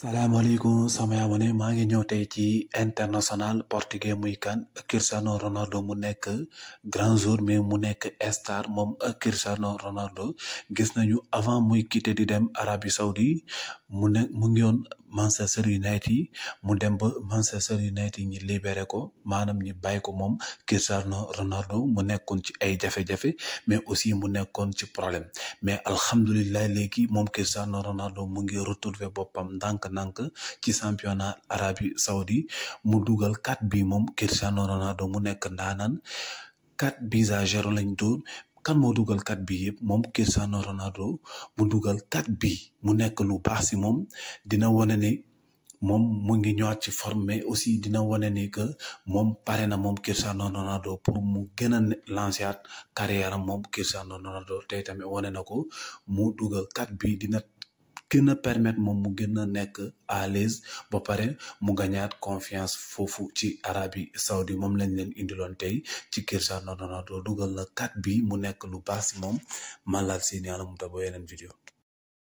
Salam alaikum, samaya ngi mangi tey ci international portugais muy kan Cristiano Ronaldo mu nekk grand jour mais mu nekk star moom Cristiano Ronaldo gis nañu avant muy quitté di dem Arabie Saoudi mu ne mu ngi Manchester United yi mu dem ba Manchester United ñi libéré ko maanaam ñi bàyyi ko moom Cristiano Ronaldo mu nekkoon ci ay jafe-jafe mais aussi mu nekkoon ci problème mais alhamdulilah léegi moom Cristiano Ronaldo mu ngi retrouvé boppam ndànk-ndànk ci championnat Arabie Saoudi mu dugal quatre bi moom Cristiano Ronaldo mu nekk ndaanaan quatre bis à zéro lañ dóor kan moo dugal kat bi yëpp moom Cristiano Ronaldo mu dugal kat bi mu nekk lu baax si moom dina wane ne moom mu ngi ñëwaat ci forme aussi dina wane ni que moom pare na moom Cristiano Ronaldo pour mu gën a lancer carrière am moom Cristiano Ronaldo tey tamit wane na ko mu dugal kat bi dina gën a permettre moom mu gën a nekk à l'aise ba pare mu gañaat confiance foofu ci Arabie Saoudi moom lañ leen indiloon tey ci kër Cristiano Ronaldo dugal na kat bi mu nekk lu baax moom man laal si ni yàlla mu ta ba yeneen vidéo